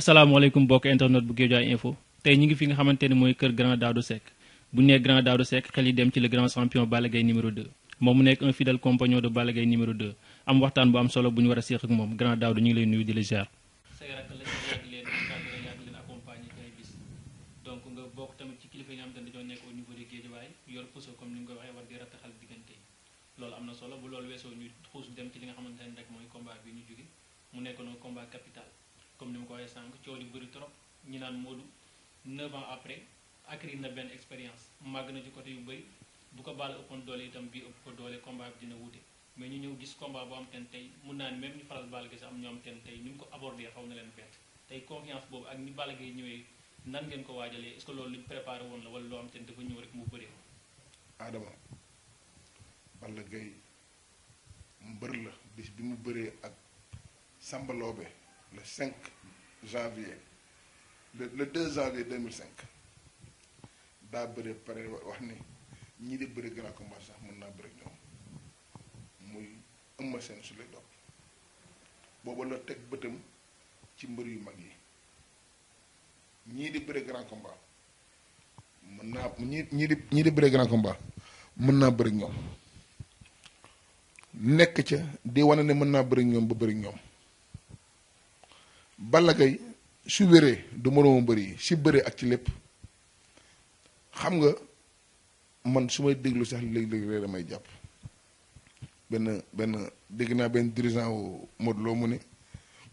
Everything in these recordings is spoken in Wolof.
asalaamaaleykum mbokk internet bu Guédiawaye info tey ñu ngi fi nga xamante ne mooy kër grand Daouda Seck bu nee grand Daouda Seck xel yi dem ci le grand champion Balla Gaye numéro 2 moom mu nekk un fidèle compagnon de Balla Gaye numéro am waxtaan bu am solo bu ñu war a séex ak moom grand Daouda ñu ngi lay nuyu di la ziar waye sank cioli bari trop ñi nan modou 9 ans après akri na ben expérience mag na ci côté yu bari bu ko bal upon doole itam bi upp ko doole combat dina wuté mais ñu ñew gis combat bu am ten tay mu nan même ñu faral bal gis am ñom ten tay ñu ko aborder xaw na len bet tay confiance bobu ak ni bal gay ñewé nan ngeen ko wajalé est ce que loolu luñ won la wala lo am ten dafa ñew rek mu bëré adama bal gay mbeur la bis bi mu bëré ak samba le 5 janvier le 2 janvier 2005 daa bëri wax ni de di combats grand combat sax mën naa bëri ñoom muy ëmma seen su lay dopp booba la teg bëtam ci mbër yu mag yi di bëri grand combat mën naa ñii ñii di ñii di grand combat mën naa bëri ñoom nekk ca di wane ne mën Balla Gaye su wéree du moroomam bëri si bëree ak ci lépp xam nga man su may déglu sax léeg-léeg rek damay jàpp benn benn dégg naa benn dirigeant wu Modou Lo mu ne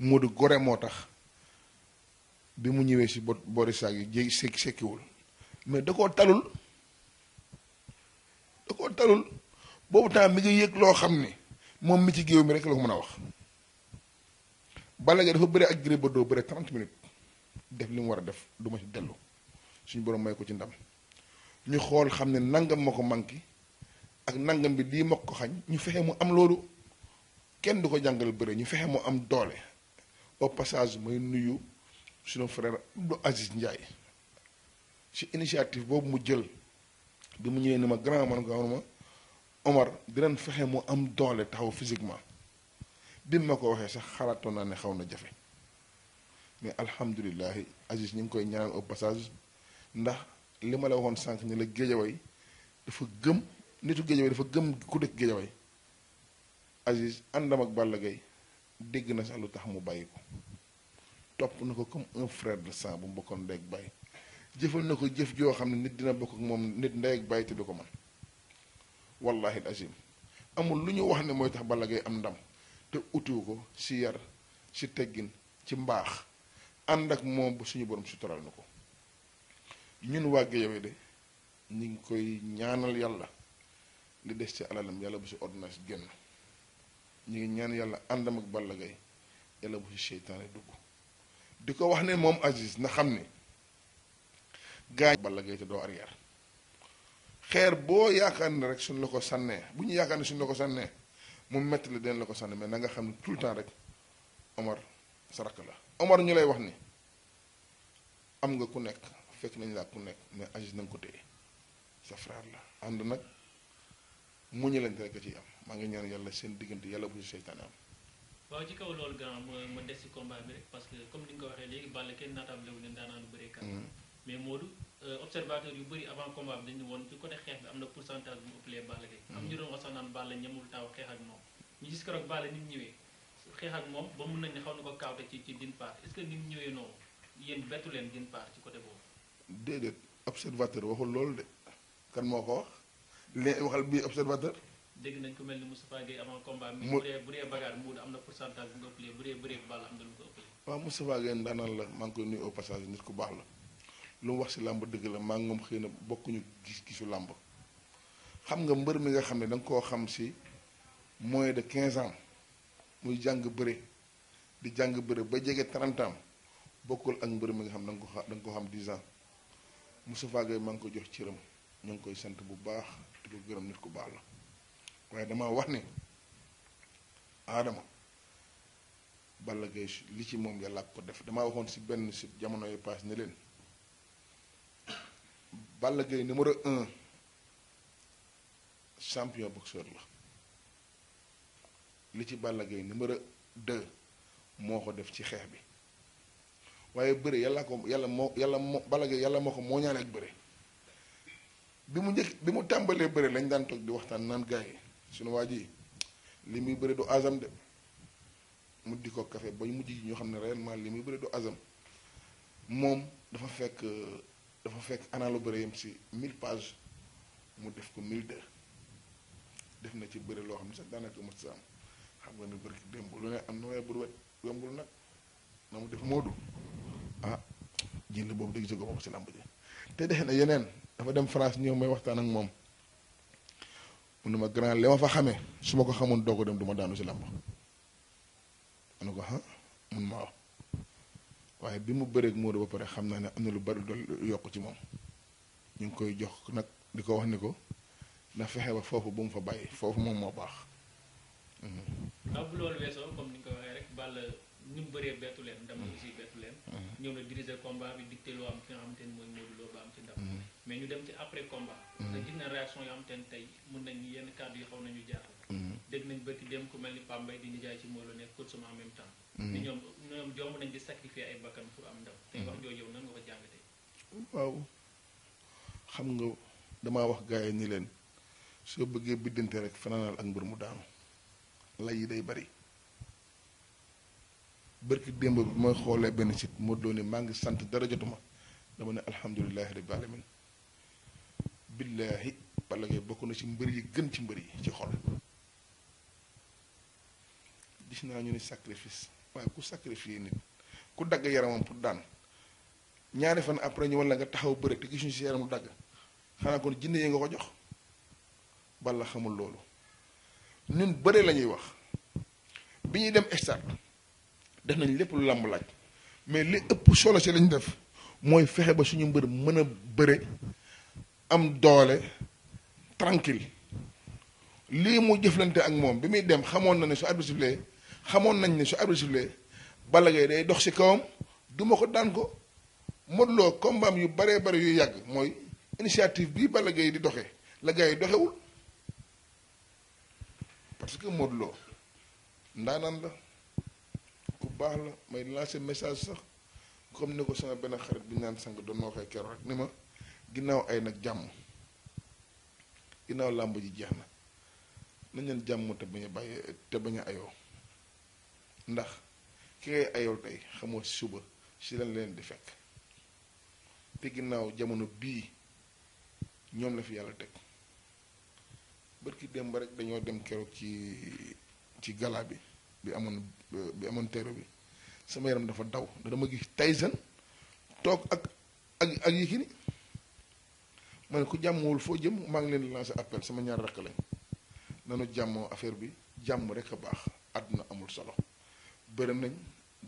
Modou gore moo tax bi mu ñëwee si bot boori saag yi jéeg sekki sekkiwul mais da koo talul da koo talul boobu temps mi ngi yëg loo xam ne moom mi ci géew mi rek la ko mën a wax Balla Gaye dafa bëre ak Gris doo bëre 30 minutes def li mu war a def du ci dellu suñu borom may ko ci ndam ñu xool xam ne nangam ma ko manqué ak nangam bi lii ma ko xañ ñu fexe mu am loolu kenn du ko jàngal bëre ñu fexe mu am doole au passage may nuyu suñu frère Abdou Aziz Ndiaye ci initiative boobu mu jël bi mu ñëwee ni ma grand man ko ma Omar dinañ fexe mu am doole taxaw physiquement bi ma ko waxee sax xalaatoon naa ne xaw na jafe mais alhamdulilahi Aziz ñu ngi koy ñaanal au passage ndax li ma la waxoon sànq ni la géejaway dafa gëm nitu géejaway dafa gëm ku dëkk géjaway Aziz àndam ak Balla dégg na sax lu tax mu bàyyi ko topp na ko comme un frère de sang bu mu bokkoon ndey ak bàyyi jëfal na ko jëf joo xam ne nit dina bokk ak moom nit ndey ak bàyyi te du ko man wallahi azim amul lu ñu wax ne mooy tax Balla Gaye am ndam te utiwu ko si yar si teggin ci mbaax ànd ak moom suñu borom sutural na ko ñun waa Guédiawaye de ñu ngi koy ñaanal yàlla li des ci alalam yàlla bu si ordonnance génn ñu ngi ñaan yàlla àndam ak Balla Gaye yàlla bu si seytaane dugg di ko wax ne moom Aziz na xam ne gaañ Balla Gaye te doo arrière xeer boo yaakaar ne rek suñ la ko sànnee bu ñu yaakaar ne suñu la ko sànnee mu metti la den la ko sànni mais na nga xam ne tout le temps rek Omar sarak la Omar ñu lay wax ni am nga ku nekk fekk nañ la ku nekk mais Aziz na nga ko téye sa frère la ànd nag muñalante rek ci am ma ngi ñaan yàlla seen diggante yàlla bu ñu seytaane am waaw ci kaw loolu grand ma ma des ci combat bi rek parce que comme ni nga ko waxee léegi Balla kenn naataam lewu ne lu bëree kan mm. mais Modou Euh, observateur yu bëri avant combat dañu woon ci côté xeex bi am na pourcentage bu mu ëppalee Balla Gaye am moom moom mun nañ ne xaw na ko kaawte ci ci din part est-ce que ni mu ñëwee noonu yéen bettu leen din part ci de kan moo ko wax li waxal bii observateur dégg nañ ko mel bu dee bu dee bu dee bëree Balla am na lu ko ëppalee waaw Moustapha Gueye ndaanaan la maa koy nuyu au passage nit ku baax la lu wax ci lamb deug la maa moom xëy na bokkuñu gis-gisu lamb xam nga mbeur mi nga xamne dang ko xam ci moins de 15 ans muy jang beure di jang beure ba jégué 30 ans bokul ak mbeur mi nga xam dang ko dang ko xam 10 ans Moustapha gay maa ngi ko jox ci reum ñang koy sant bu baax di ko gëreum nit ku baax la waaye dama wax ne aadama Balla gay li ci moom yàlla ko def dama waxon ci ben ci jamono yu pass ne len Balla Gaye numéro un champion boxeur la li ci Balla Gaye numéro deux moo ko def ci xeex bi waaye bëre yàlla ko yàlla moo yàlla moo Balla Gaye yàlla moo ko moo ñaale ak bëre bi mu njëkk bi mu tàmbalee bëre lañ daan toog di waxtaan naan gars yi sunu waa ji li muy bëre du azam de mu di ko kafe ba mujj yi ñoo xam ne réellement li muy bëre du azam moom dafa fekk dafa fekk analu bëre si mille page mu def ko mille deux def na ci bëre loo xam ne sax daanaka mos am xam nga ne bërki démb lu ne am na waaye bër wet yombul nag na mu def moodu ah jël boobu dëgg jóge boobu si làmb ji te defe na yeneen dafa dem France ñëw may waxtaan ak moom mu ne ma grand li ma fa xamee su ma ko xamoon doo ko dem du ma daanu si làmb ma ne ko ah mun waaye bi mu bëreeg Modou ba pare xam naa ne am na lu bari dool yokk ci moom ñu ngi koy jox nag di ko wax ni ko na fexe ba foofu bu mu fa bàyyi foofu moom moo baax. Mhm. ndax bu loolu weesoo comme ni nga ko waxee rek Balla ni mu bëree bettu leen ndam mhm. aussi bettu leen. ñoom mhm. la diriger combat bi dicté loo am ki nga Lo ba am ci ndam. mais ñu dem ci après combat. te gis na réaction yoo xamante ni tey mun nañu yenn kàddu yi xaw nañu jaar dégg nañ bëgg dem ku mel ni Pambay di nijaay ci Modou Lo nekk coach en même temps. Mm-hmm. ni ñoom jomb nañ di sacrifier ay bakkan pour am ndam. tey wax mm-hmm. jooju yow nan nga ko jàngatee. waaw xam nga damaa wax gars yi ni leen soo bëggee biddante rek fanaanal ak mbër mu daanu lay yi day bari bërki démb bi ma xoolee benn site Modou Lo ni maa ngi sant dara jotuma dama ne alhamdulilahi rabbi alamin billaahi Balla Gaye bokk na ci mbër yi gën ci mbër yi ci xol. gis naa ñu ne sacrifice waaye ku sacrifier nit ku dagg yaramam pour daan ñaari fan après ñu walla nga taxaw bëre te gisuñu si yaramu dagg xanaa kon jinne yi nga ko jox bala xamul loolu ñun bëre la ñuy wax bi ñuy dem stade def nañ lépp lu làmb laaj mais li ëpp solo si lañ def mooy fexe ba suñu mbër mën a bëre am doole tranquille lii mu jëflante ak moom bi muy dem xamoon na ne su arbitre xamoon nañ ne su arbitre sifflé Balla Gaye day dox si kawam duma ko daan ko Modou Lo yu baree bare yu yàgg mooy initiative bii Balla Gaye di doxe la gars yi doxewul parce que motloo ndaanaan la ku baax la may lancer message sax comme ni ko sama benn xarit bi naan sang doon ma waxee rek ni ma ginnaaw ay nag jàmm ginnaaw làmb ji jeex na nañ leen jàmm te bañ a te bañ a ayoo ndax ki ngay ayol tey xamoo si suba si lan leen di fekk te ginnaaw jamono bii ñoom la fi yàlla teg barki dem ba rek dañoo dem keroog ci ci gala bi bi amoon bi amoon teero bi sama yaram dafa daw da dama gis Tyson toog ak ak ak yikini man ku jàmmwul foo jëm maa ngi leen di lancer appel sama ñaar rek lañ nanu jàmmoo affaire bi jàmm rek baax àdduna amul solo bëre nañ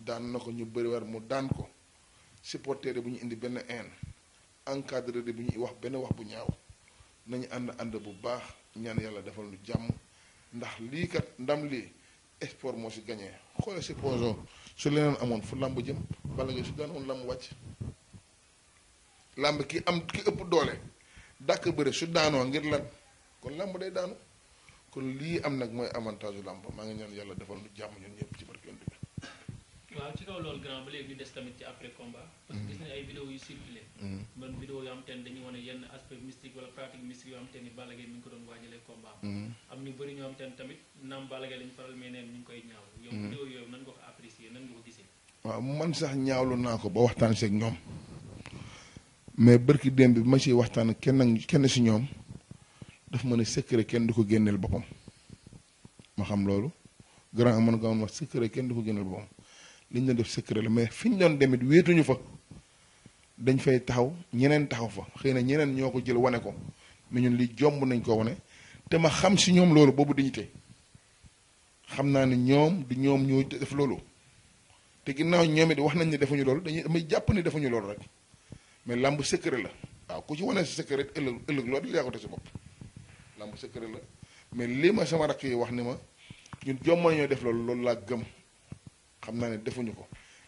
daan na ko ñu bëri war mu daan ko supporter bu ñu indi benn haine encadré bu ñu wax benn wax bu ñaaw nañu ànd ànd bu baax ñaan yàlla defal lu jàmm ndax lii kat ndam lii espoir moo si gagné xoolee supposons su leneen amoon fu lamb jëm bala nga su daan woon wàcc lamb ki am ki ëpp doole dàkk bëre su daanoo ngir lan kon lamb day daanu kon lii am nag mooy avantage lamb maa ngi ñaan yàlla defal lu jàmm ñun ñëpp waaw ci kaw loolu grand ba léegi ñu des tamit ci après combat. Mm-hmm. parce que gis nañ ay vidéo yu circulé. man mm-hmm. vidéo yoo xam te dañuy wane yenn aspect mystique wala pratique mystique ni mi ngi ko doon combat. Mm-hmm. am ñu bëri ñoo tamit naam Balla lañ faral mais neen ñu ngi koy ñaaw. yow vidéo yooyu nan nga ko apprécier nan nga ko gisee. waaw man sax ñaawlu naa ko ba waxtaan seeg ñoom mais daf ma ne secret kenn du ko ma xam loolu grand man ma secret kenn du ko génneel li ñu def secret la mais fi ñu doon demit wéetuñu fa dañ fay taxaw ñeneen taxaw fa xëy na ñeneen ñoo ko jël wone ko mais ñun li jomb nañ ko wane te ma xam si ñoom loolu boobu dignité xam naa ne ñoom du ñoom ñoo def loolu te ginnaaw ñoom it wax nañ ne defuñu loolu dañuy damay jàpp ne defuñu loolu rek mais làmb secret la waaw ku ci wane si secret ëllëg ëllëg loolu yaa ko te si bopp làmb secret la mais lii sama rakk wax ni ma ñun jomb nañoo def loolu loolu laa gëm xam naa ne defuñu ko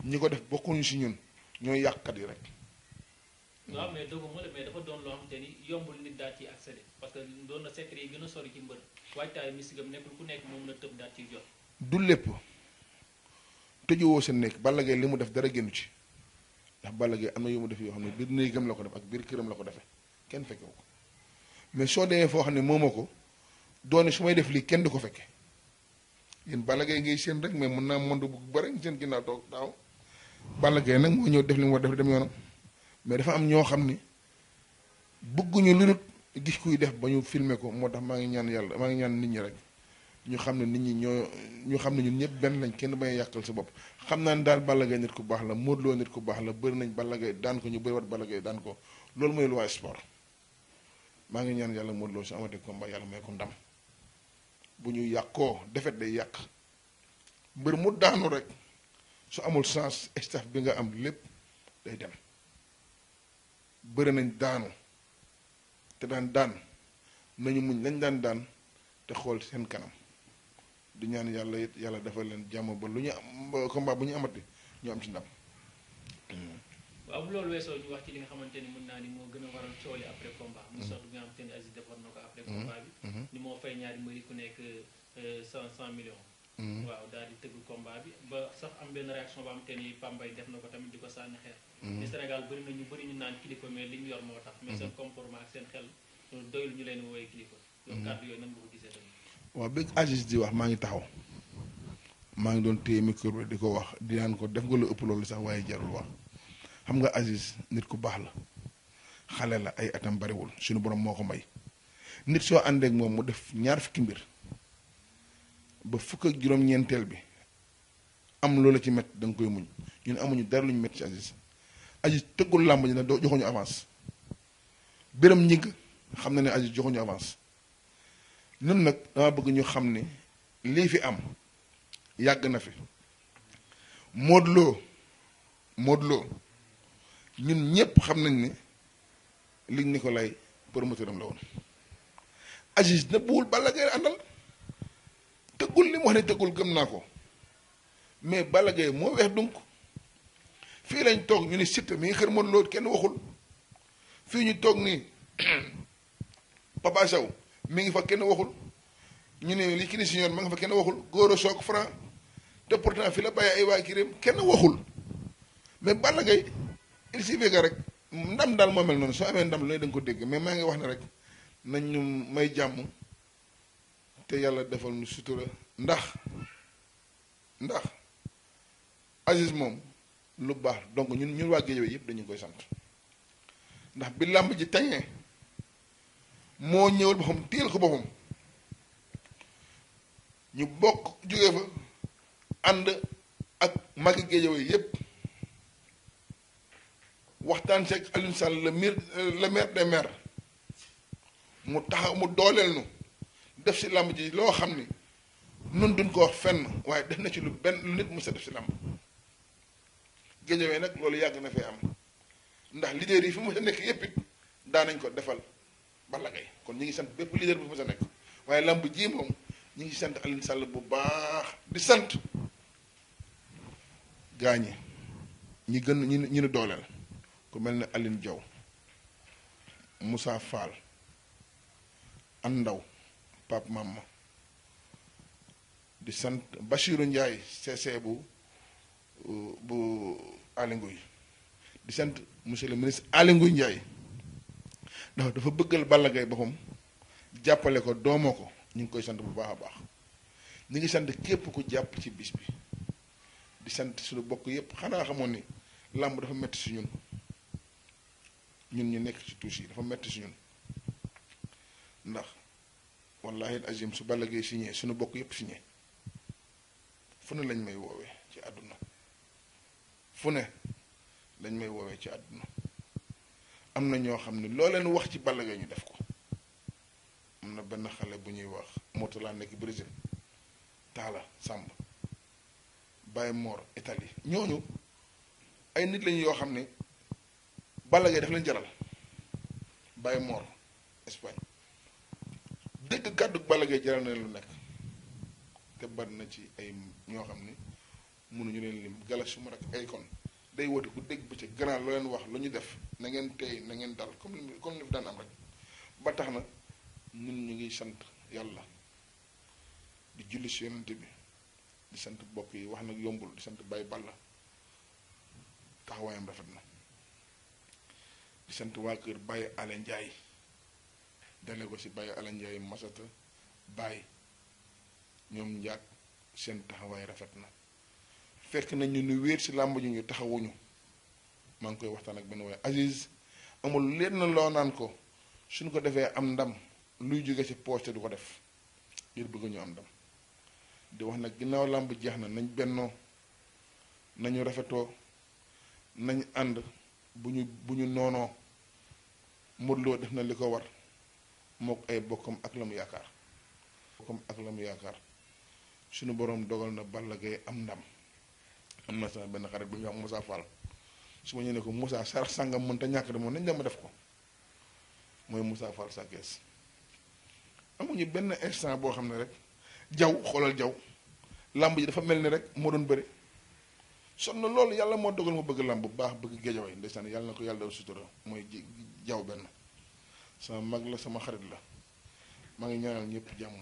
ñi ko def bokkuñu si ñun ñooy yàqkat yi rek. Mm-hmm. waaw mais dëgg la mais dafa doon loo xamante ni yombul nit daal ciy accéder parce que doon na secret yi gën a sori ci mbër waajtaayu misigam nekkul ku nekk moom la tëb daal ciy jot. du lépp tëjuwoo sa nekk Balla li mu def dara génnu ci ndax Balla Gaye am na yu mu def yoo xam ne biir néegam la ko def ak biir këram la ko defee kenn fekkewu ko mais soo demee foo xam ne moom ko doone su may def lii kenn du ko fekke yeen balagay ngay seen rek mais mën naa monde bu bari ngi seen ginnaaw toog daaw balagay Gaye nag moo ñëw def li mu war def dem yoonam mais dafa am ñoo xam ni bëgguñu lu nit gis kuy def ba ñu filmer ko moo tax maa ngi ñaan yàlla maa ngi ñaan nit ñi rek ñu xam ne nit ñi ñoo ñu xam ne ñun ñëpp benn lañ kenn bay yàqal sa bopp xam naa ne daal Balla nit ku baax la Modou Lo nit ku baax la bëri nañ balagay daan ko ñu bëri wat balagay daan ko loolu mooy lu sport maa ngi ñaan yàlla Modou Lo su amatee combat yàlla may ko ndam bu ñu yàqoo defet day yàq mbër mu daanu rek su amul sens staff bi nga am lépp day dem bëri nañ daanu te daan daan nañu muñ lañ daan daan te xool seen kanam di ñaan yàlla yit yàlla defal leen jàmm ba lu ñu am combat bu ñu amati ñu am ci ndam waaw bu loolu weesoo ñu wax ci li nga xamante ni mën naa ni moo gën a waral coow li après combat mu soxla bi nga xamante ni Aziz defoon na ko après mhm, combat bi mhm. ni moo fay ñaari mbëri ku nekk euh, cent cent millions mhm. waaw daal di tëgg combat bi ba sax am benn réaction ba am te ni Pambay def na ko tamit di ko sànni xeer ni Sénégal bëri na ñu bëri ñu naan kilifa mais li ñu yor moo tax mais seen comportement ak seen xel doyul ñu leen wooyee kilifa loolu kàddu yooyu nan nga gisee tamit waaw bi Aziz wax maa ngi taxaw maa ngi doon téye micro bi di ko wax di naan ko def nga lu ëpp loolu sax waaye jarul wax xam nga Aziz nit ku baax la xale la ay atam bariwul suñu borom moo ko may nit soo àndeek moom mu def ñaar fukki mbir ba fukk juróom-ñeenteel bi am loola ci met da nga koy muñ ñun amuñu dara lu ñu met ci Aziz Aziz tëggul làmb ji ne doo joxuñu avance biram ñig xam na ne Aziz joxuñu avance ñun nag dama bëgg ñu xam ni lii fi am yàgg na fi Modou loo Modou Lo ñun ñëpp xam nañ ni ne ni ko promoteur am la woon Aziz na buwul Balla Gaye àndal tëggul li mu wax ne tëggul gëm naa ko mais Balla moo weex donc fii lañ toog ñu ni Siteu mi ngi xër mën loolu kenn waxul fii ñu toog nii Papa Sow mi ngi fa kenn waxul ñu ne li ki ni siñoon ma ngi fa kenn waxul góor a soog franc te pourtant fi la bàyyi ay waa kiréem kenn waxul mais Balla il suffit que rek ndam daal moo mel noonu soo amee ndam lu ne da ko dégg mais maa ngi wax ne rek nañ may jàmm te yàlla defal ñu sutura ndax ndax Aziz moom lu baax donc ñun ñun waa Guédiawaye yëpp dañu koy sant ndax bi làmb ji tañee moo ñëwal boppam téel ko boppam ñu bokk jóge fa ànd ak magi Guédiawaye yëpp waxtaan seeg Alioune Sall le maire euh, le maire des maires mu taxaw mu dooleel nu def si làmb ji loo xam ni nun duñ ko wax fenn waaye def na ci lu benn lu nit mu sa def si làmb géejawee nag loolu yàgg na fee am ndax leader yi fi mu sa nekk yépp it daan nañ ko defal Balla Gaye kon ñu ngi sant bépp leader bi fi mu sa nekk waaye làmb ji moom ñu ngi sant Alioune Sall bu baax di sant gaañi ñi gën ñu ñu dooleel ku mel ni alin jow Moussa Fall Andaw Pape Mamma di sant Bachirou Ndiaye CC bu bu Aly Ngouille di sant monsieur le ministre Aly Ngouille Ndiaye ndax dafa bëggal Balla Gaye boppam jàppale ko doomoo ko ñu ngi koy sant bu baax a baax ni ngi sant képp ku jàpp ci bis bi di sant suñu bokk yépp xanaa xamoon ni làmb dafa metti si ñun ñun ñu nekk ci touche yi dafa metti si ñun ndax wallahi azim su Balla Gaye signé suñu bokk yépp signé fu ne lañ may woowee ci àdduna fu ne lañ may woowee ci àdduna am na ñoo xam ne loo leen wax ci Balla Gaye ñu def ko am na benn xale bu ñuy wax moto laa nekk Brésil Talla sàmb Baye Mor itali ñooñu ay nit lañ yoo xam ne Balla Gaye daf leen jaral bay Mor Espagne deug gaddu Balla jaral na lu nek te ban na ci ay ño xamni ni ñu leen lim gala su rek ay kon day wote ku dégg bu ci grand lo leen wax lu ñu def na ngeen tey na ngeen dal comme comme ni daan am rek ba tax na ñun ñu ngi sant yalla di julli si yonent bi di sant bokk yi wax nag yombul di sant bay Balla taxawaayam rafet di sant waa kër Baye Alé Ndiaye dale ko ci Baye ale Ndiaye Masata Baye ñoom njaat seen taxawaay rafet na fekk nañ ñu nu wéer ci làmb ji ñu taxawuñu maa ngi koy waxtaan ak benn waaye Aziz amul leen loo naan ko suñ ko defee am ndam luy jóge si poche te du ko def ngir bëgg ñu am ndam di wax nag ginnaaw làmb jeex na nañ bennoo nañu rafetoo nañ ànd bu ñu bu ñu noonoo Modou Lo def na li ko war mook ay bokkam ak lamu yaakaar bokkam ak la mu yaakaar suñu boroom dogal na Balla Gaye am ndam am na sama benn xarit bu ñu wax Moussa Fall su ma ñu ne ko Moussa sar sàngam mënta ñàkk de moom nañ dama def ko mooy Moussa Fall sa kees amuñu benn instant boo xam ne rek jaw xoolal jaw làmb ji dafa mel ni rek moo doon bëri son na loolu yàlla moo dogal ma bëgg lamb bu baax bëgg géejawaay ndeysaan yàlla na ko yàlla daw sutura mooy jaw benn sama mag la sama xarit la maa ngi ñaanal ñëpp jàmm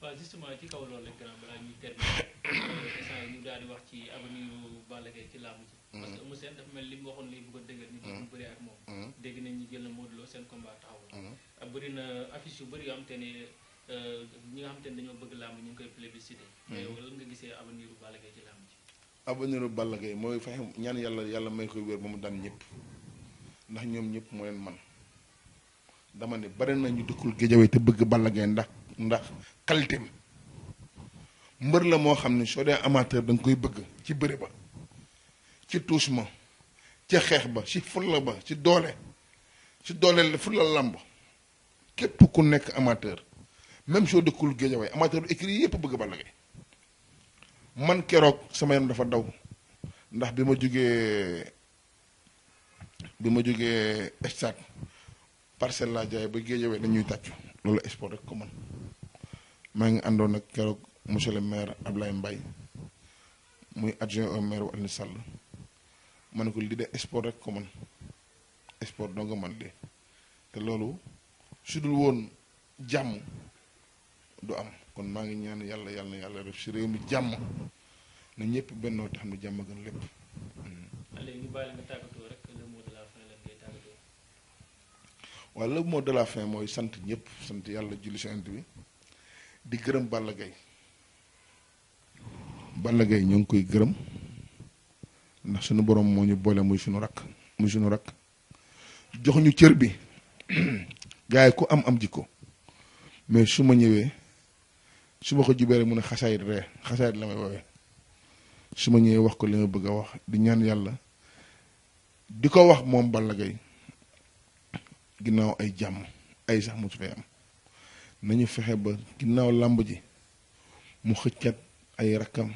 waaw justement ci kaw loolu rek grand balaa ñuy terminer instant ñu daal di wax ci avenue Balla ci làmb ci. Mm-hmm. parce que monsieur dafa mel li mu waxoon lay bëgg a dëggal nit ñi bëri ak moom mm-hmm. dégg nañ ñu jël na Modou Lo seen combat taxaw mm-hmm. ah, bëri na affiche yu bëri yoo xam te ne euh, ñi nga xam te ne dañoo bëgg làmb ñu ngi koy plébiscité mais wala nga gisee avenue Balla ci làmb avenir Balla Gaye mooy fexe ñaan yàlla yàlla may koy wér ba mu daan ñëpp ndax ñoom ñëpp moo leen man dama ne bari na ñu dëkkul Guédiawaye te bëgg Balla Gaye ndax ndax qualité mbër la moo xam ne soo dee amateur da nga koy bëgg ci bëre ba ci tuus ma ci xeex ba ci fulla ba ci doole ci doole fulla làmb képp ku nekk amateur même soo dëkkul Guédiawaye amateur du écrit yëpp bëgg Balla Gaye man kérok sama yaram dafa daw ndax bima ma bima bi parcel jugee stade parcelle laa jaay ba géejawee dañuy tàccu loolu sport rek ko man ma ngi àndoon nak kérok monsieur le maire Ablaye Mbaye muy adjoint au maire Alioune Sall man ko li de sport rek ko man sport do nga man dé té loolu sudul won am kon maa ngi ñaan yàlla yàlla na yàlla def si réew mi jàmm na ñëpp bennoo te xam ne jàmm gën lépp. léegi bàyyi nga tàggatoo la fin mooy sant ñëpp sant yàlla julli si ant bi di gërëm Balla Gaye Balla Gaye ñoo ngi koy gërëm ndax suñu boroom moo ñu boole muy suñu rakk muy suñu rakk jox ñu cër bi gars yi ku am am jikko mais su ma ñëwee. su ma ko jubee rek mu ne xasaayit ree xasaayit la may woowee su ma ñëwee wax ko li ma bëgg a wax di ñaan yàlla di ko wax moom Balla Gaye ginnaaw ay jàmm ay sax mu fay am nañu fexe ba ginnaaw làmb ji mu xëccat ay rakkam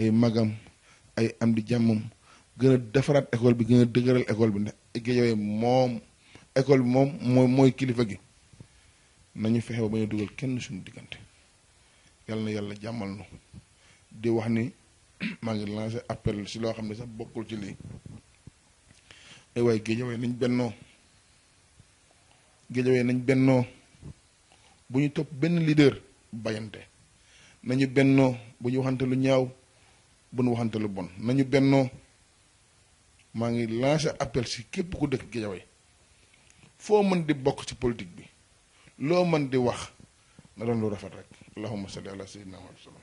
ay magam ay am di jàmmam gën a defaraat école bi gën a dëgëral école bi ndax Guédiawaye moom école bi moom mooy kilifa gi nañu fexe ba ñu dugal kenn suñu diggante yàlla na yàlla jàmmal nu di wax ni maa ngi lancé appel si loo xam ne sax bokkul ci lii ay waay géejawaay nañ bennoo géejawaay nañ bennoo bu ñu topp benn leader bayante nañu bennoo bu ñu waxante lu ñaaw bu nu waxante lu bon nañu bennoo maa ngi lancé appel si képp ku dëkk géejawaay foo mën di bokk ci politique bi loo mën di wax na doon lu rafet rek allahumma salli ala sayyidina muhammad sallam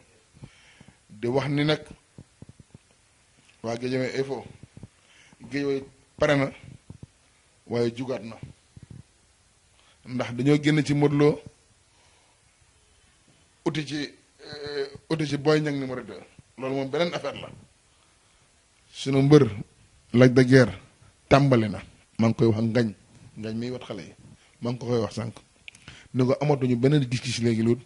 di wax ni nak wa gejeme efo fo parana waye pare na ndax dañu genn ci modlo Lo uti ci eh, uti ci Boy Niang numéro 2 loolu mom benen affaire la sunu mbeur laj da Guiers tàmbali mang koy wax ngagn ngagn mi wat xale mang ko koy wax sank nugo ko amatuñu benen gis-gis léegi loolu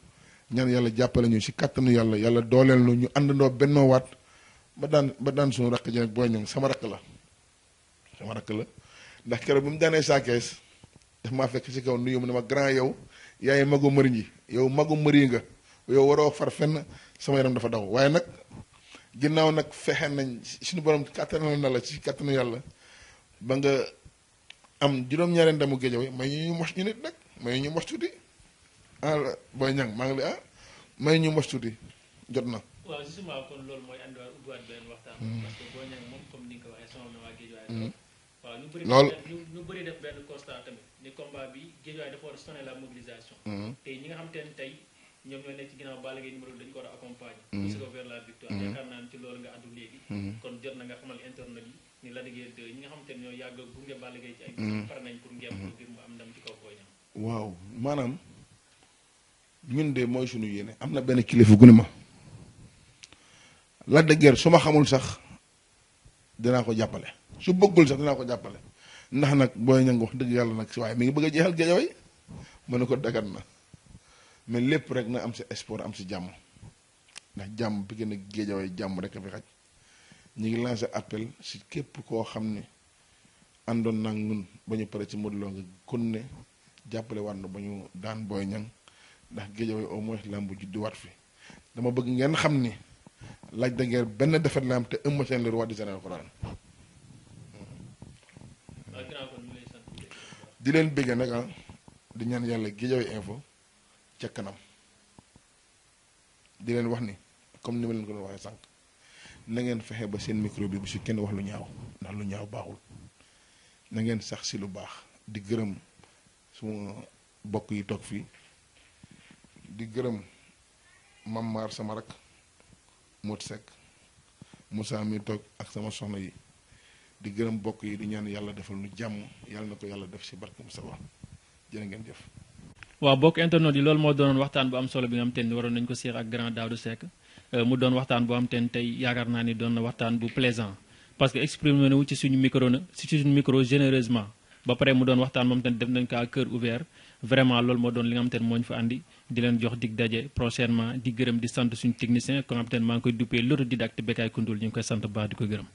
ñaan yàlla jàppale ñu si kàttanu yàlla yàlla dooleel nu ñu àndandoo bennoo waat ba daan ba daan suñu rakk ji nag booy ñoŋ sama rakk la sama rakk la ndax keroog bi mu daanee saakees daf maa fekk si kaw nuyu mu ne ma grand yow yaay magu mëri ji yow magu mëri nga yow waroo far fenn sama yaram dafa daw waaye nag ginnaaw nag fexe nañ suñu borom kàttanal na la ci kàttanu yàlla ba nga am juróom-ñaareen damu géejaw may ñu ñu mos ñu nit nag may ñu mos tuuti ah banyak, Niang maa may ñu mos tuuti jot na. waaw justement kon loolu mooy andi waat ubbiwaat benn waxtaan. parce que Boy Niang comme ni nga ko waxee sonal na waa waaw ñu bëri ñu ñu bëri def benn constat tamit ni combat bi Guédiawaye dafa war sonné la mobilisation. te ñi nga xam te ne tey ñoom nekk ci ginnaaw Balla Gaye numéro dañu ko war a accompagner. puisque vers la victoire. ci nga addu kon jot na nga xamal ni la de ñi nga xam ci ay. nañ pour ngeen pour ngir mu am ndam ci waaw ñun de moy suñu yene amna ben benn kilifa gu ne de guerre suma xamul sax dina ko jappalé su bëggul sax dina ko jappalé ndax nak boy ñang wax deug yalla nak way mi ngi bëgg jéxal ko dagan na mais lepp rek na am ci espoir am ci jamm ndax jamm bi gëna a géejaway jàmm rek fi xaj ñi ngi lancer appel ci képp ko xamné andon nak ñun bañu paré ci modlo nga kon daan boy ñang ndax géejawaay au moins làmb judduwaat fi dama bëgg ngeen xam ni laaj da ngeen benn defet la am te Eumeu Sène le roi des arènes alxuraan di leen bëggee nag ah di ñaan yàlla géejawaay info ca kanam di leen wax ni comme ni ma leen ko doon waxee sànq na ngeen fexe ba seen micro bu si kenn wax lu ñaaw ndax lu ñaaw baaxul na ngeen sax si lu baax di gërëm suma bokk yi toog fii di gërëm mar sama rak mot sek musa mi tok ak sama soxna yi di gërëm bokk yi di ñaan yalla defal nu jamm yalla nako yalla def ci si barke Moustapha jëne ngeen jëf wa bokk internet yi loolu mo doon waxtaan bu am solo bi nga am waro nañ ko ak grand daoudou sek euh, mu doon waxtaan bu am te tay yaakar yaakaar ni doon na waxtaan bu plaisant parce que exprimer wu ci suñu micro na ci suñu micro généreusement ba pare mu doon waxtaan mom tamit def nañ ka cœur ouvert vraiment loolu moo doon li nga xamante ne moo di leen jox dig daje prochainement di gërëm di sant suñu technicien ko nga xamante ne maa ngi koy duppee l'autodidacte Bécaye Koundoul ñu ngi koy sant baax di ko gërëm